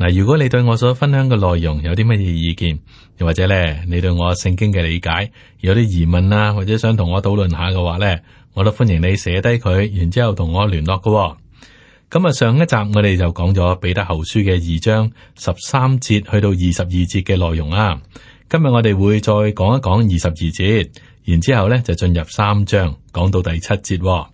嗱，如果你對我所分享嘅內容有啲乜嘢意見，又或者咧，你對我聖經嘅理解有啲疑問啦、啊，或者想同我討論下嘅話咧，我都歡迎你寫低佢，然之後同我聯絡噶、哦。咁啊，上一集我哋就講咗彼得後書嘅二章十三節去到二十二節嘅內容啦、啊。今日我哋會再講一講二十二節，然之後咧就進入三章，講到第七節喎、哦。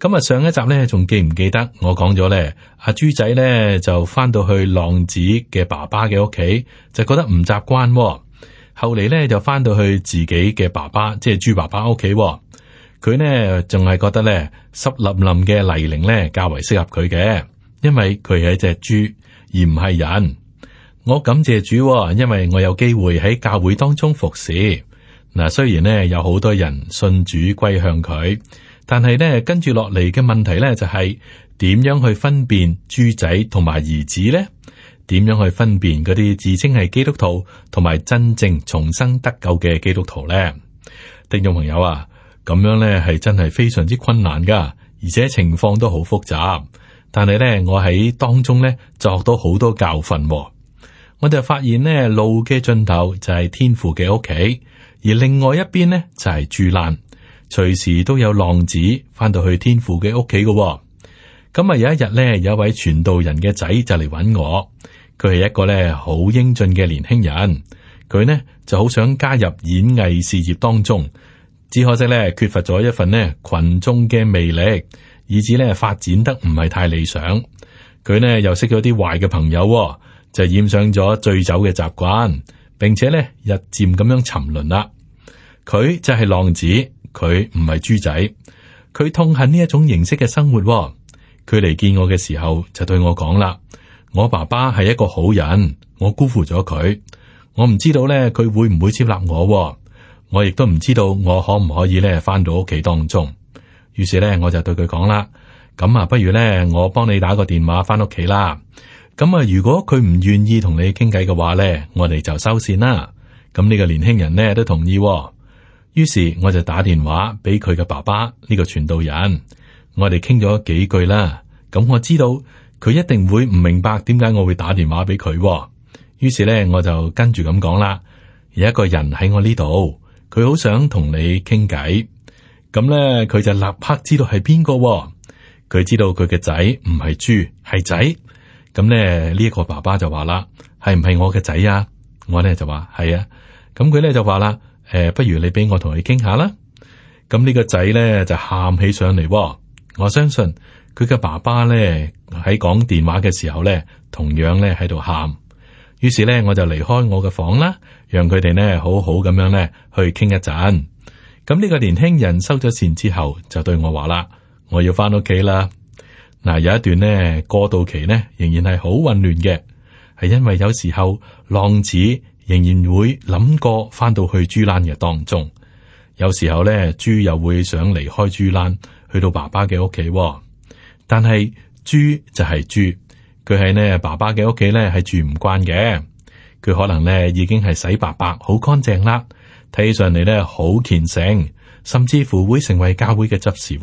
咁啊，上一集咧，仲記唔記得我講咗咧？阿、啊、豬仔咧就翻到去浪子嘅爸爸嘅屋企，就覺得唔習慣喎。後嚟咧就翻到去自己嘅爸爸，即係豬爸爸屋企、哦。佢咧仲係覺得咧濕淋淋嘅泥濘咧較為適合佢嘅，因為佢係一隻豬而唔係人。我感謝主、哦，因為我有機會喺教會當中服侍。嗱，雖然咧有好多人信主歸向佢。但係咧，跟住落嚟嘅問題咧、就係，就係點樣去分辨豬仔同埋兒子咧？點樣去分辨嗰啲自稱係基督徒同埋真正重生得救嘅基督徒咧？聽眾朋友啊，咁樣咧係真係非常之困難噶，而且情況都好複雜。但係咧、哦，我喺當中咧就學到好多教訓。我哋發現咧，路嘅盡頭就係天父嘅屋企，而另外一邊呢，就係豬欄。隨時都有浪子翻到去天父嘅屋企嘅。咁啊，有一日咧，有一位傳道人嘅仔就嚟搵我。佢係一個咧好英俊嘅年輕人，佢呢就好想加入演藝事業當中。只可惜咧，缺乏咗一份呢群眾嘅魅力，以至咧發展得唔係太理想。佢呢又識咗啲壞嘅朋友，就染上咗醉酒嘅習慣，並且咧日漸咁樣沉淪啦。佢就係浪子。佢唔係豬仔，佢痛恨呢一種形式嘅生活喎。佢嚟見我嘅時候就對我講啦：，我爸爸係一個好人，我辜負咗佢，我唔知道咧佢會唔會接納我喎，我亦都唔知道我可唔可以咧翻到屋企當中。於是咧我就對佢講啦：，咁啊不如咧我幫你打個電話翻屋企啦。咁啊如果佢唔願意同你傾偈嘅話咧，我哋就收線啦。咁呢個年輕人咧都同意喎。於是我就打電話俾佢嘅爸爸呢個傳道人，我哋傾咗幾句啦。咁我知道佢一定會唔明白點解我會打電話俾佢喎。於是咧我就跟住咁講啦，有一個人喺我呢度，佢好想同你傾偈。」咁咧佢就立刻知道係邊個，佢知道佢嘅仔唔係豬，係仔。咁咧呢一個爸爸就話啦，係唔係我嘅仔啊？我咧就話係啊。咁佢咧就話啦。誒、呃，不如你俾我同佢傾下啦。咁呢個仔咧就喊起上嚟，我相信佢嘅爸爸咧喺講電話嘅時候咧，同樣咧喺度喊。於是咧我就離開我嘅房啦，讓佢哋咧好好咁樣咧去傾一陣。咁呢個年輕人收咗線之後就對我話啦：我要返屋企啦。嗱、呃，有一段呢過渡期呢，仍然係好混亂嘅，係因為有時候浪子。仍然會諗過翻到去豬欄嘅當中，有時候咧，豬又會想離開豬欄，去到爸爸嘅屋企。但係豬就係豬，佢喺呢爸爸嘅屋企咧係住唔慣嘅。佢可能咧已經係洗白白好乾淨啦，睇起上嚟咧好虔誠，甚至乎會成為教會嘅執事。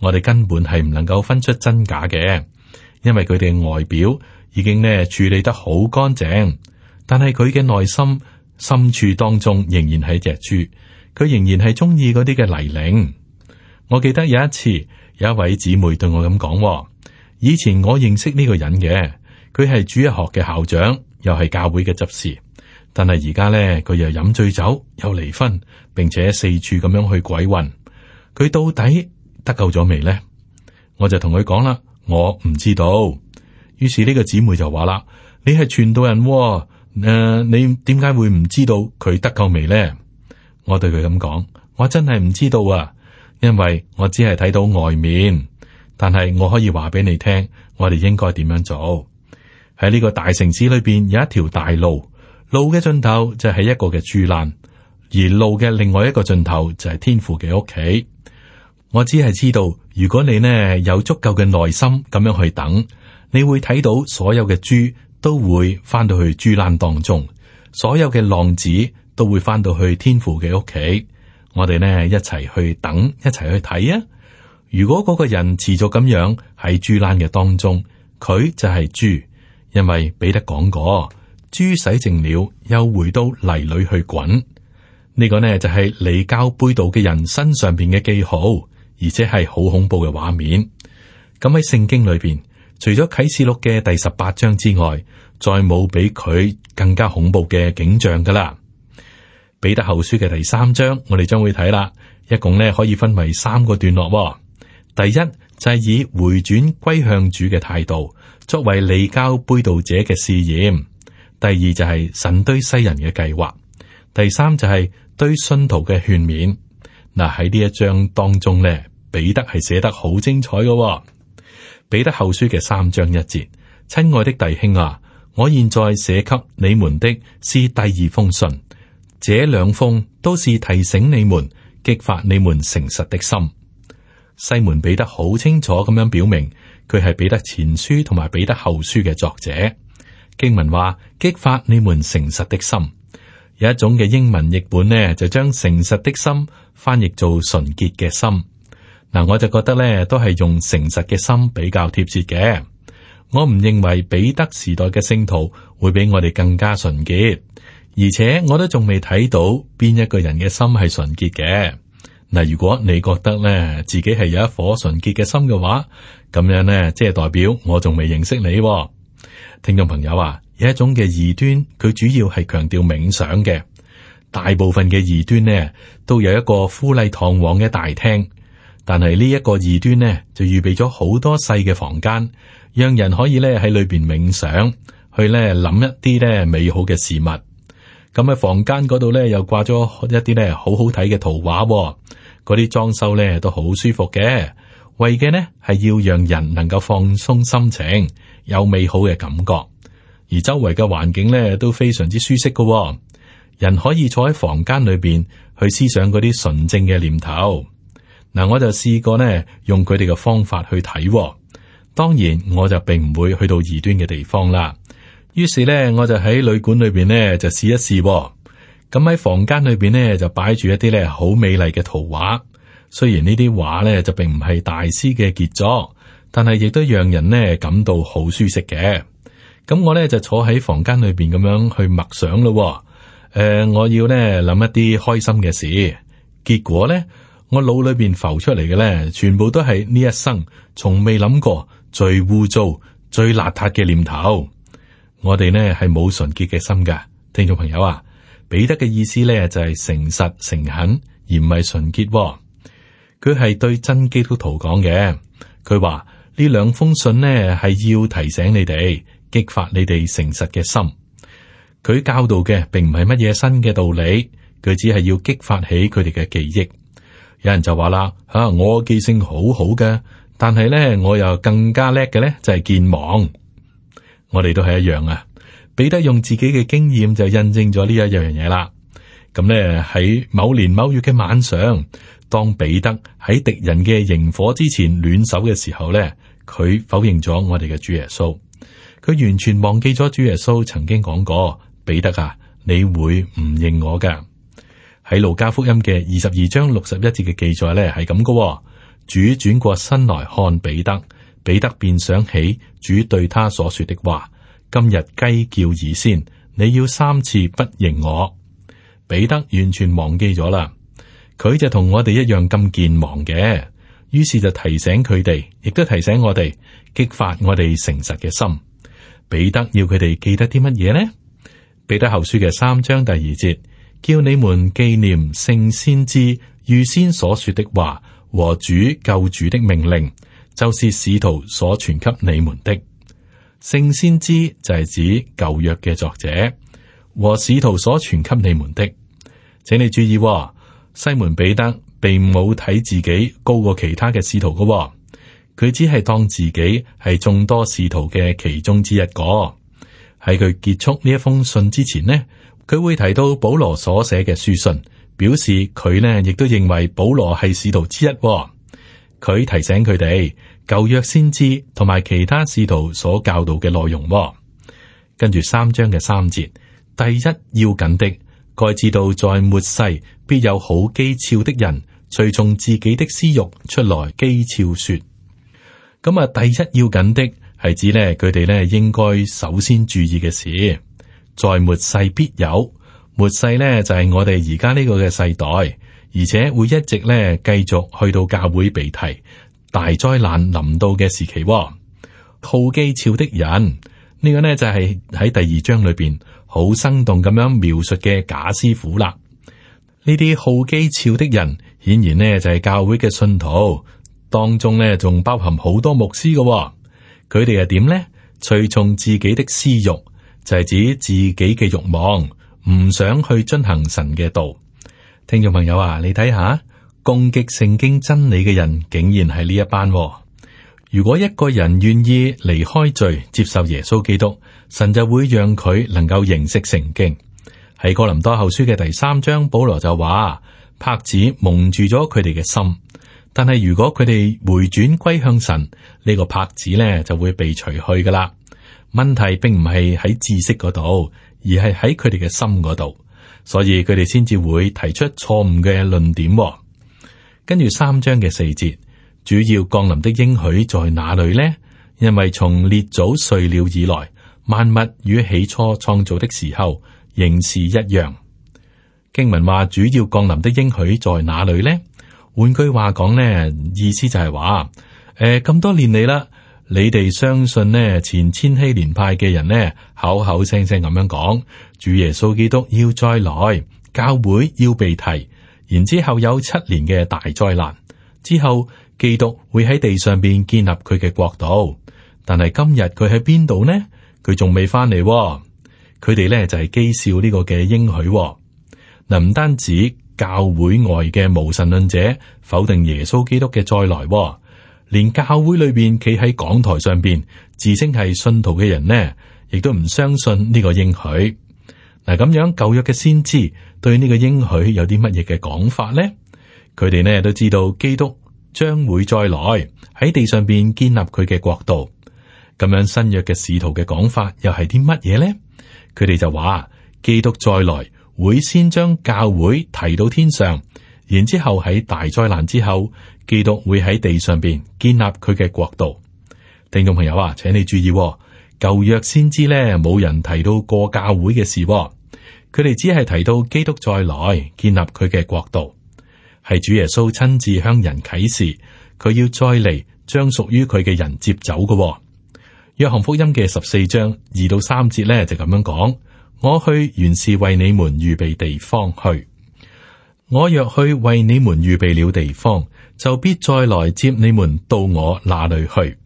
我哋根本係唔能夠分出真假嘅，因為佢哋外表已經咧處理得好乾淨。但係佢嘅內心深處當中仍然係隻豬，佢仍然係中意嗰啲嘅泥濘。我記得有一次，有一位姊妹對我咁講，哦，以前我認識呢個人嘅，佢係主日學嘅校長，又係教會嘅執事。但係而家呢，佢又飲醉酒，又離婚，並且四處咁樣去鬼混。佢到底得救咗未呢？我就同佢講啦，我唔知道。於是呢個姊妹就話啦，你係傳道人，哦。誒，uh, 你點解會唔知道佢得救未呢？我對佢咁講，我真係唔知道啊！因為我只係睇到外面，但係我可以話俾你聽，我哋應該點樣做？喺呢個大城市裏邊，有一條大路，路嘅盡頭就係一個嘅豬欄，而路嘅另外一個盡頭就係天父嘅屋企。我只係知道，如果你呢有足夠嘅耐心咁樣去等，你會睇到所有嘅豬都會翻到去豬欄當中，所有嘅浪子都會翻到去天父嘅屋企，我哋呢一齊去等，一齊去睇啊！如果嗰個人持續咁樣喺豬欄嘅當中，佢就係豬，因為彼得講過，豬洗淨了又回到泥裏去滾，呢、這個呢就係、是、離教背道嘅人身上邊嘅記號，而且係好恐怖嘅畫面。咁喺聖經裏邊。除咗啟示錄嘅第十八章之外，再冇比佢更加恐怖嘅景象噶啦。彼得後書嘅第三章，我哋將會睇啦。一共咧可以分為三個段落、哦。第一就係、是、以回轉歸向主嘅態度，作為離教背道者嘅試驗；第二就係神對世人嘅計劃；第三就係對信徒嘅勸勉。嗱喺呢一章當中咧，彼得係寫得好精彩噶、哦。彼得後書嘅三章一節，親愛的弟兄啊，我現在寫給你們的是第二封信，這兩封都是提醒你們，激發你們誠實的心。西門彼得好清楚咁樣表明，佢係彼得前書同埋彼得後書嘅作者。經文話激發你們誠實的心，有一種嘅英文譯本呢就將誠實的心翻譯做純潔嘅心。嗱，我就覺得咧，都係用誠實嘅心比較貼切嘅。我唔認為彼得時代嘅聖徒會比我哋更加純潔，而且我都仲未睇到邊一個人嘅心係純潔嘅。嗱，如果你覺得咧自己係有一顆純潔嘅心嘅話，咁樣呢，即係代表我仲未認識你哦。聽眾朋友啊，有一種嘅異端，佢主要係強調冥想嘅，大部分嘅異端呢，都有一個富麗堂皇嘅大廳。但係呢一個異端呢，就預備咗好多細嘅房間，讓人可以咧喺裏邊冥想，去咧諗一啲咧美好嘅事物。咁喺房間嗰度咧，又掛咗一啲咧好好睇嘅圖畫喎，嗰啲裝修咧都好舒服嘅，為嘅呢係要讓人能夠放鬆心情，有美好嘅感覺。而周圍嘅環境咧都非常之舒適㗎喎，人可以坐喺房間裏邊去思想嗰啲純正嘅念頭。嗱，我就試過咧，用佢哋嘅方法去睇、哦。當然，我就並唔會去到異端嘅地方啦。於是呢，我就喺旅館裏邊呢就試一試、哦。咁、嗯、喺房間裏邊呢，就擺住一啲咧好美麗嘅圖畫。雖然呢啲畫呢就並唔係大師嘅傑作，但係亦都讓人呢感到好舒適嘅。咁、嗯、我呢，就坐喺房間裏邊咁樣去默想咯。誒、呃，我要呢諗一啲開心嘅事。結果呢。我腦裏邊浮出嚟嘅咧，全部都係呢一生從未諗過最污糟、最邋遢嘅念頭。我哋呢係冇純潔嘅心噶，聽眾朋友啊，彼得嘅意思咧就係誠實誠懇，而唔係純潔喎。佢係對真基督徒講嘅。佢話呢兩封信呢係要提醒你哋，激發你哋誠實嘅心。佢教導嘅並唔係乜嘢新嘅道理，佢只係要激發起佢哋嘅記憶。有人就話啦，吓、啊、我記性好好嘅，但係咧我又更加叻嘅咧就係、是、健忘。我哋都係一樣啊！彼得用自己嘅經驗就印證咗呢一樣嘢啦。咁咧喺某年某月嘅晚上，當彼得喺敵人嘅營火之前暖手嘅時候咧，佢否認咗我哋嘅主耶穌。佢完全忘記咗主耶穌曾經講過：彼得啊，你會唔認我㗎。喺路加福音嘅二十二章六十一節嘅記載咧，係咁嘅。主轉過身來看彼得，彼得便想起主對他所說的話：今日雞叫以先，你要三次不認我。彼得完全忘記咗啦，佢就同我哋一樣咁健忘嘅。於是就提醒佢哋，亦都提醒我哋，激發我哋誠實嘅心。彼得要佢哋記得啲乜嘢咧？彼得後書嘅三章第二節。叫你們紀念聖先知預先所說的話和主救主的命令，就是使徒所傳給你們的。聖先知就係指舊約嘅作者和使徒所傳給你們的。請你注意、哦，西門彼得並冇睇自己高過其他嘅使徒㗎、哦，佢只係當自己係眾多使徒嘅其中之一個。喺佢結束呢一封信之前呢，佢會提到保羅所寫嘅書信，表示佢呢亦都認為保羅係使徒之一、哦。佢提醒佢哋，舊約先知同埋其他使徒所教導嘅內容、哦。跟住三章嘅三節，第一要緊的，該知道在末世必有好譏誚的人隨從自己的私慾出來譏誚說。咁、嗯、啊，第一要緊的係指呢，佢哋呢應該首先注意嘅事。在末世必有末世咧，就係我哋而家呢個嘅世代，而且會一直咧繼續去到教會被提、大災難臨到嘅時期、哦。好譏誚的人，這個、呢個咧就係、是、喺第二章裏邊好生動咁樣描述嘅假師傅啦。呢啲好譏誚的人，顯然咧就係、是、教會嘅信徒當中咧，仲包含好多牧師嘅、哦。佢哋又點咧？隨從自己的私慾。就係指自己嘅欲望，唔想去遵行神嘅道。聽眾朋友啊，你睇下攻擊聖經真理嘅人，竟然係呢一班、哦。如果一個人願意離開罪，接受耶穌基督，神就會讓佢能夠認識聖經。喺哥林多後書嘅第三章，保羅就話帕子蒙住咗佢哋嘅心，但係如果佢哋回轉歸向神，呢、呢個帕子呢就會被除去噶啦。問題並唔係喺知識嗰度，而係喺佢哋嘅心嗰度，所以佢哋先至會提出錯誤嘅論點。跟住三章嘅四節，主要降臨的應許在哪裏呢？因為從列祖睡了以來，萬物與起初創造的時候仍是一樣。經文話主要降臨的應許在哪裏呢？換句話講呢，意思就係話，誒、呃、咁多年嚟啦。你哋相信呢？前千禧年派嘅人呢，口口聲聲咁樣講，主耶穌基督要再來，教會要被提，然之後有七年嘅大災難，之後基督會喺地上邊建立佢嘅國度。但係今日佢喺邊度呢？佢仲未翻嚟。佢哋呢就係、是、譏笑呢個嘅應許、哦。嗱，唔單止教會外嘅無神論者否定耶穌基督嘅再來、哦。連教會裏邊企喺講台上邊自稱係信徒嘅人呢，亦都唔相信呢個應許。嗱，咁樣舊約嘅先知對呢個應許有啲乜嘢嘅講法呢？佢哋呢都知道基督將會再來喺地上邊建立佢嘅國度。咁樣新約嘅使徒嘅講法又係啲乜嘢呢？佢哋就話基督再來會先將教會提到天上。然之後喺大災難之後，基督會喺地上邊建立佢嘅國度。聽眾朋友啊，請你注意、哦，舊約先知咧冇人提到過教會嘅事、哦，佢哋只係提到基督再來建立佢嘅國度，係主耶穌親自向人啟示，佢要再嚟將屬於佢嘅人接走嘅、哦。約翰福音嘅十四章二到三節咧就咁樣講：「我去原是為你們預備地方去。我若去為你們預備了地方，就必再來接你們到我那裡去。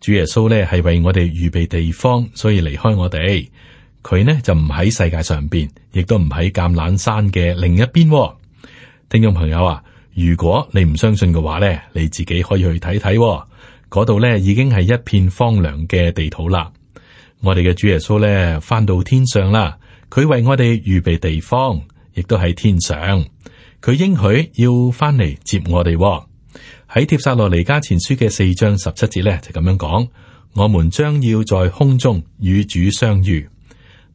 主耶穌咧係為我哋預備地方，所以離開我哋。佢呢就唔喺世界上邊，亦都唔喺橄欖山嘅另一邊。聽眾朋友啊，如果你唔相信嘅話呢，你自己可以去睇睇，嗰度呢已經係一片荒涼嘅地土啦。我哋嘅主耶穌呢，翻到天上啦，佢為我哋預備地方。亦都喺天上，佢應許要翻嚟接我哋喎。喺帖撒羅尼迦前書嘅四章十七節咧，就咁樣講：我們將要在空中與主相遇。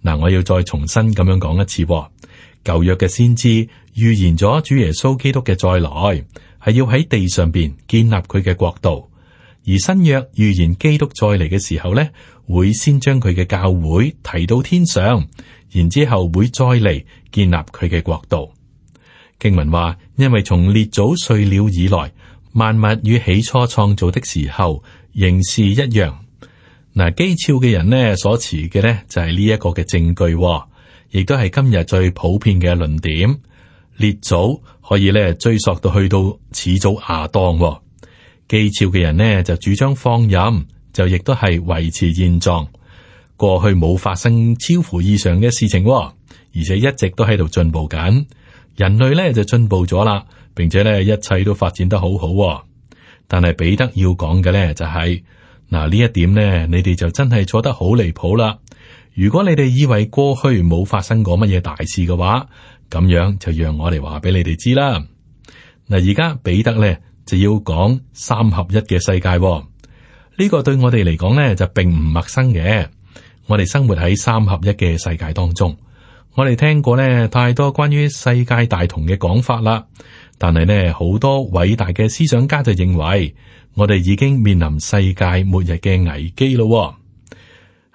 嗱，我要再重新咁樣講一次哦，舊約嘅先知預言咗主耶穌基督嘅再來，係要喺地上邊建立佢嘅國度。而新約預言基督再嚟嘅時候咧，會先將佢嘅教會提到天上，然之後會再嚟建立佢嘅國度。經文話，因為從列祖睡了以來，萬物與起初創造的時候仍是一樣。嗱，譏誚嘅人呢所持嘅呢就係呢一個嘅證據，亦都係今日最普遍嘅論點。列祖可以咧追溯到去到始祖亞當。譏誚嘅人呢就主張放任，就亦都係維持現狀。過去冇發生超乎以常嘅事情喎，而且一直都喺度進步緊。人類呢就進步咗啦，並且呢一切都發展得好好。但係彼得要講嘅呢就係嗱，呢一點呢，你哋就真係錯得好離譜啦。如果你哋以為過去冇發生過乜嘢大事嘅話，咁樣就讓我哋話俾你哋知啦。嗱，而家彼得呢？就要講三合一嘅世界呢、哦這個對我哋嚟講呢，就並唔陌生嘅。我哋生活喺三合一嘅世界當中，我哋聽過呢太多關於世界大同嘅講法啦。但係呢，好多偉大嘅思想家就認為我哋已經面臨世界末日嘅危機咯、哦。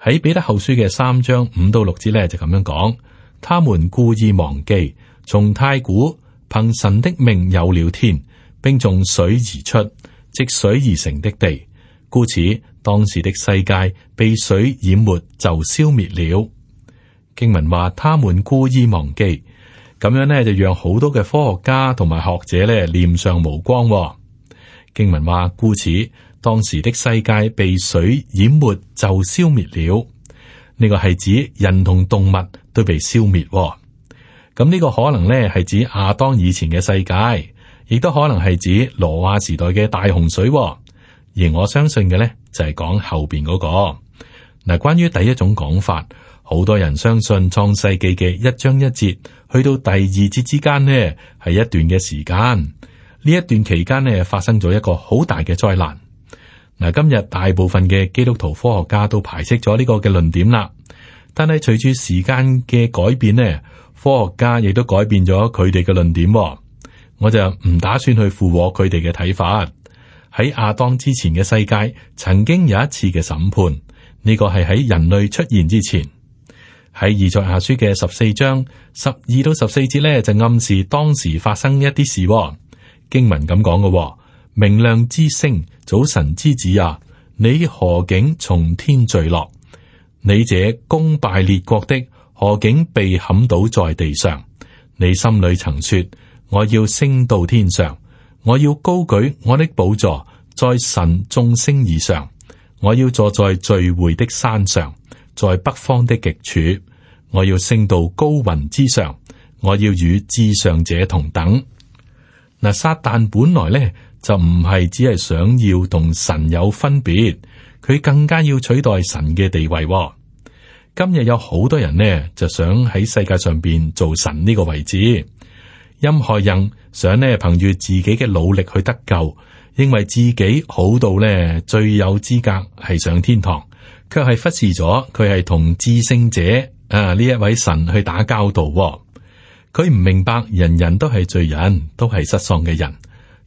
喺彼得後書嘅三章五到六節呢，就咁樣講，他們故意忘記從太古憑神的命有了天。並從水而出，即水而成的地，故此當時的世界被水淹沒就消滅了。經文話，他們故意忘記，咁樣呢，就讓好多嘅科學家同埋學者呢，臉上無光。經文話，故此當時的世界被水淹沒就消滅了。呢、這個係指人同動物都被消滅，咁、這、呢個可能呢，係指亞當以前嘅世界。亦都可能係指挪亞時代嘅大洪水、哦，而我相信嘅呢，就係講後邊嗰、那個嗱。關於第一種講法，好多人相信創世記嘅一章一節去到第二節之間呢，係一段嘅時間，呢一段期間呢，發生咗一個好大嘅災難。嗱，今日大部分嘅基督徒科學家都排斥咗呢個嘅論點啦，但係隨住時間嘅改變呢，科學家亦都改變咗佢哋嘅論點、哦。我就唔打算去附和佢哋嘅睇法。喺亞當之前嘅世界，曾經有一次嘅審判。呢、這個係喺人類出現之前，喺以賽亞書嘅十四章十二到十四節咧，就暗示當時發生一啲事、哦、經文咁講嘅。明亮之星，早晨之子啊，你何竟從天墜落？你這攻敗列國的何竟被砍倒在地上？你心裏曾說。我要升到天上，我要高舉我的寶座在神眾星以上，我要坐在聚會的山上，在北方的極處，我要升到高雲之上，我要與至上者同等。嗱撒旦本來咧就唔係只係想要同神有分別，佢更加要取代神嘅地位，哦。今日有好多人咧就想喺世界上邊做神呢個位置。因害印想呢憑住自己嘅努力去得救，認為自己好到呢最有資格係上天堂，卻係忽視咗佢係同知聖者啊呢一位神去打交道，哦。佢唔明白，人人都係罪人，都係失喪嘅人。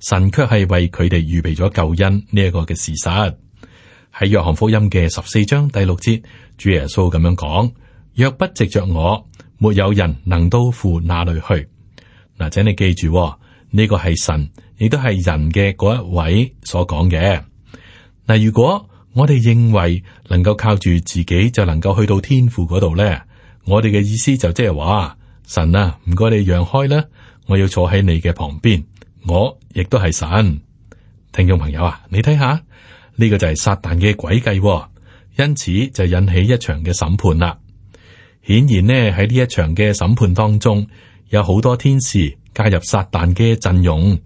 神卻係為佢哋預備咗救恩呢一個嘅事實。喺約翰福音嘅十四章第六節，主耶穌咁樣講：「若不藉着我，沒有人能到父那裏去。嗱，請你記住，呢個係神，亦都係人嘅嗰一位所講嘅。嗱，如果我哋認為能夠靠住自己就能夠去到天父嗰度咧，我哋嘅意思就即係話，神啊，唔該你讓開啦，我要坐喺你嘅旁邊，我亦都係神。聽眾朋友啊，你睇下，呢個就係撒旦嘅詭計，因此就引起一場嘅審判啦。顯然呢，喺呢一場嘅審判當中。有好多天使加入撒旦嘅陣容，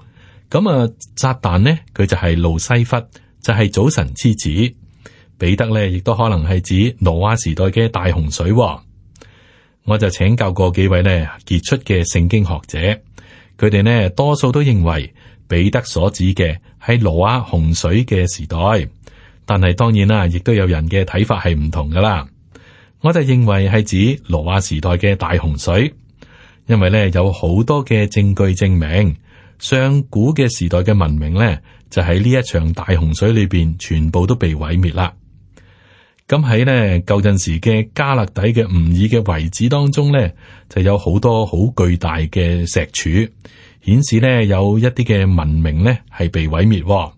咁啊，撒旦呢，佢就係路西弗，就係、是、早晨之子。彼得呢，亦都可能係指挪亞時代嘅大洪水，哦。我就請教過幾位呢傑出嘅聖經學者，佢哋呢，多數都認為彼得所指嘅係挪亞洪水嘅時代，但係當然啦，亦都有人嘅睇法係唔同噶啦。我就認為係指挪亞時代嘅大洪水。因為咧有好多嘅證據，證明上古嘅時代嘅文明咧，就喺呢一場大洪水裏邊全部都被毀滅啦。咁喺呢舊陣時嘅加勒底嘅吾珥嘅遺址當中咧，就有好多好巨大嘅石柱，顯示呢有一啲嘅文明咧係被毀滅。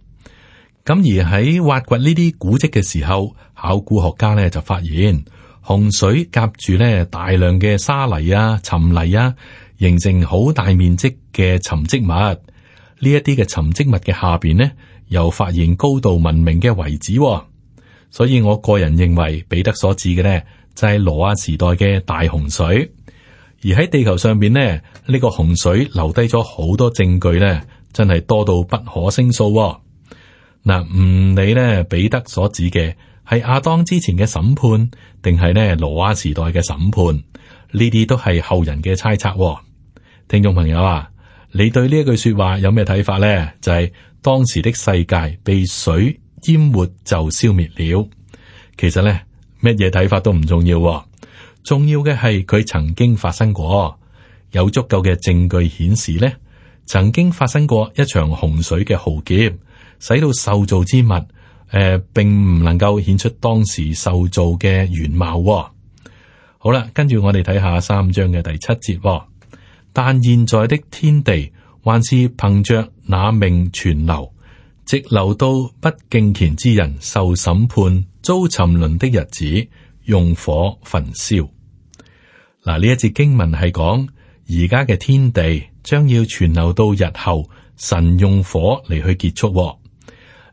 咁而喺挖掘呢啲古蹟嘅時候，考古學家咧就發現。洪水夾住咧大量嘅沙泥啊、沉泥啊，形成好大面積嘅沉積物。呢一啲嘅沉積物嘅下邊呢，又發現高度文明嘅遺址、哦。所以我個人認為，彼得所指嘅呢，就係、是、挪亞時代嘅大洪水。而喺地球上邊呢，呢、這個洪水留低咗好多證據呢，真係多到不可勝數啊、哦！嗱、嗯，唔理呢，彼得所指嘅。係亞當之前嘅審判，定係呢挪亞時代嘅審判？呢啲都係後人嘅猜測、哦。聽眾朋友啊，你對呢一句說話有咩睇法呢？就係、是、當時的世界被水淹沒就消滅了。其實呢，乜嘢睇法都唔重要、哦，重要嘅係佢曾經發生過，有足夠嘅證據顯示呢，曾經發生過一場洪水嘅浩劫，使到受造之物。誒、呃，並唔能夠顯出當時受造嘅原貌、哦。好啦，跟住我哋睇下三章嘅第七節、哦。但現在的天地還是憑着那命存留，直留到不敬虔之人受審判、遭沉淪的日子，用火焚燒。嗱、啊，呢一節經文係講而家嘅天地將要存留到日後，神用火嚟去結束、哦。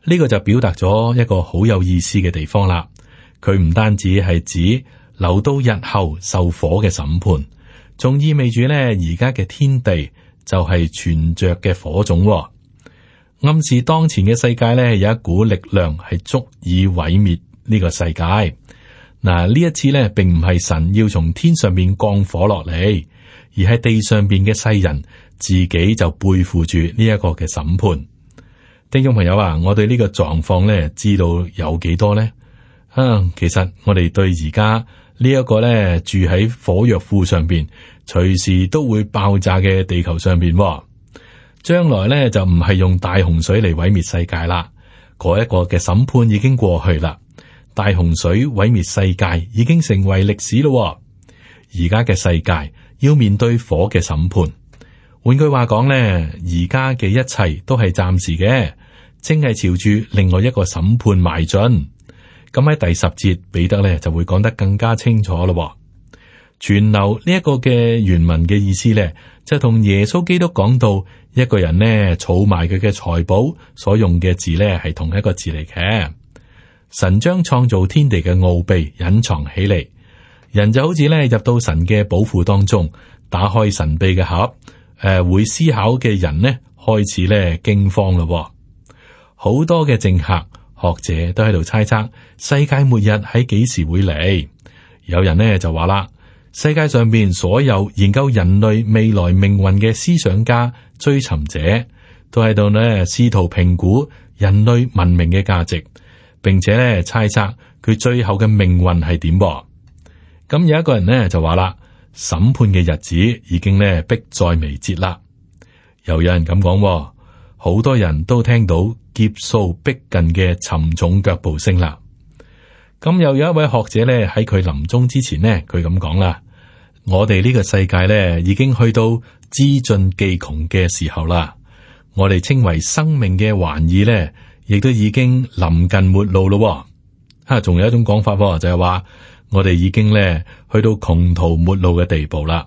呢個就表達咗一個好有意思嘅地方啦，佢唔單止係指留到日後受火嘅審判，仲意味住咧而家嘅天地就係存着嘅火種，暗示當前嘅世界咧有一股力量係足以毀滅呢個世界。嗱，呢一次咧並唔係神要從天上面降火落嚟，而係地上邊嘅世人自己就背負住呢一個嘅審判。聽眾朋友啊，我對呢個狀況咧，知道有幾多咧？啊、嗯，其實我哋對而家、這個、呢一個咧，住喺火藥庫上邊，隨時都會爆炸嘅地球上邊、哦，將來咧就唔係用大洪水嚟毀滅世界啦。嗰一個嘅審判已經過去啦，大洪水毀滅世界已經成為歷史咯、哦。而家嘅世界要面對火嘅審判。換句話講咧，而家嘅一切都係暫時嘅。正係朝住另外一個審判邁進咁喺第十節，彼得咧就會講得更加清楚咯。傳流呢一個嘅原文嘅意思咧，就同耶穌基督講到一個人呢儲埋佢嘅財寶所用嘅字咧係同一個字嚟嘅。神將創造天地嘅奧秘隱藏起嚟，人就好似咧入到神嘅寶庫當中，打開神秘嘅盒。誒、呃，會思考嘅人呢開始咧驚慌咯。好多嘅政客、學者都喺度猜測世界末日喺幾時會嚟。有人咧就話啦，世界上邊所有研究人類未來命運嘅思想家、追尋者都喺度呢，試圖評估人類文明嘅價值，並且咧猜測佢最後嘅命運係點噃。咁有一個人咧就話啦，審判嘅日子已經咧迫在眉睫啦。又有人咁講哦，好多人都聽到。劫數逼近嘅沉重腳步聲啦，咁又有一位學者咧喺佢臨終之前呢，佢咁講啦：我哋呢個世界咧已經去到資盡技窮嘅時候啦，我哋稱為生命嘅玩意咧，亦都已經臨近末路咯。吓，仲、啊、有一種講法喎、哦，就係、是、話我哋已經咧去到窮途末路嘅地步啦。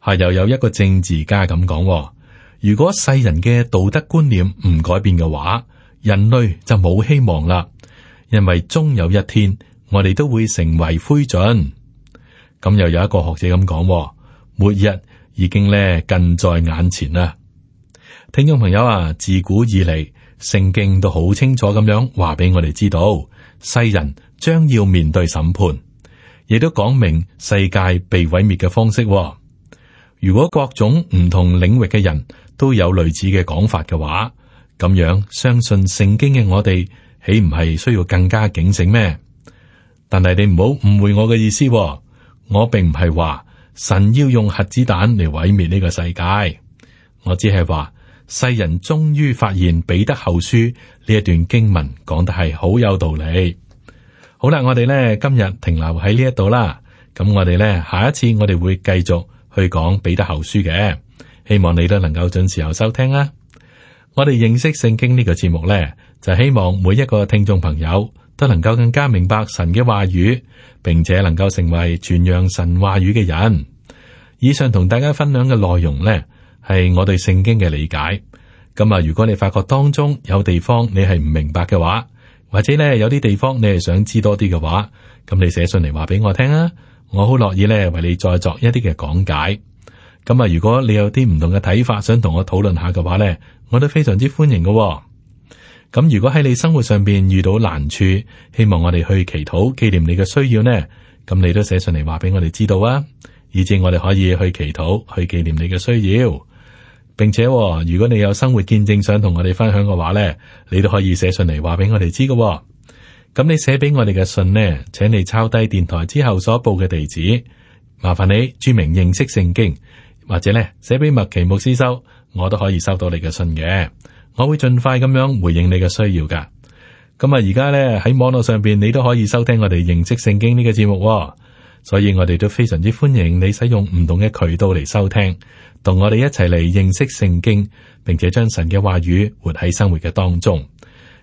係、啊、又有一個政治家咁講、哦。如果世人嘅道德觀念唔改變嘅話，人類就冇希望啦。因為終有一天，我哋都會成為灰燼。咁又有一個學者咁講，末日已經咧近在眼前啦。聽眾朋友啊，自古以嚟，聖經都好清楚咁樣話俾我哋知道，世人將要面對審判，亦都講明世界被毀滅嘅方式。如果各種唔同領域嘅人都有類似嘅講法嘅話，咁樣相信聖經嘅我哋，豈唔係需要更加警醒咩？但係你唔好誤會我嘅意思，喎，我並唔係話神要用核子彈嚟毀滅呢個世界，我只係話世人終於發現彼得後書呢一段經文講得係好有道理。好啦，我哋咧今日停留喺呢一度啦。咁我哋咧下一次我哋會繼續。去講彼得後書嘅，希望你都能夠準時候收聽啊！我哋認識聖經呢個節目呢，就希望每一個聽眾朋友都能夠更加明白神嘅話語，並且能夠成為傳揚神話語嘅人。以上同大家分享嘅內容呢，係我對聖經嘅理解。咁啊，如果你發覺當中有地方你係唔明白嘅話，或者呢有啲地方你係想知多啲嘅話，咁你寫信嚟話俾我聽啊！我好樂意呢，為你再作一啲嘅講解。咁啊，如果你有啲唔同嘅睇法，想同我討論下嘅話呢，我都非常之歡迎嘅。咁如果喺你生活上邊遇到難處，希望我哋去祈禱紀念你嘅需要呢？咁你都寫上嚟，話俾我哋知道啊，以至我哋可以去祈禱去紀念你嘅需要，並且如果你有生活見證想同我哋分享嘅話呢，你都可以寫上嚟話俾我哋知嘅。咁你寫俾我哋嘅信呢，請你抄低電台之後所報嘅地址，麻煩你注明認識聖經，或者呢，寫俾麥奇牧師收，我都可以收到你嘅信嘅。我會盡快咁樣回應你嘅需要噶。咁啊，而家呢，喺網絡上邊，你都可以收聽我哋認識聖經呢個節目哦，所以我哋都非常之歡迎你使用唔同嘅渠道嚟收聽，同我哋一齊嚟認識聖經，並且將神嘅話語活喺生活嘅當中。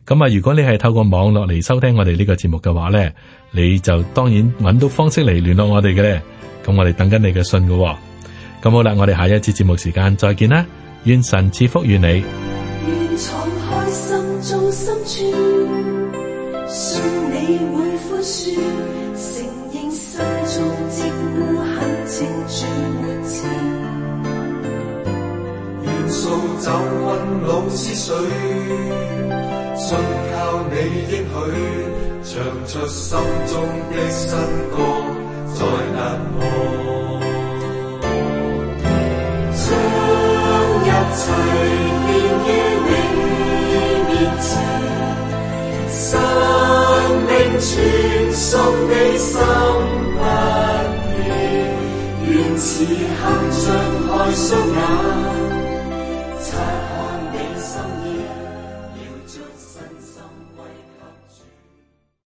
咁啊！如果你係透過網絡嚟收聽我哋呢個節目嘅話咧，你就當然揾到方式嚟聯絡我哋嘅咧。咁我哋等緊你嘅信嘅。咁好啦，我哋下一次節目時間再見啦，願神賜福於你。心心中中心恕你承走似水。全靠你應許，唱出心中的新歌，再難忘，將一切獻於你面前，生命全屬你心不變，願此刻著愛雙眼。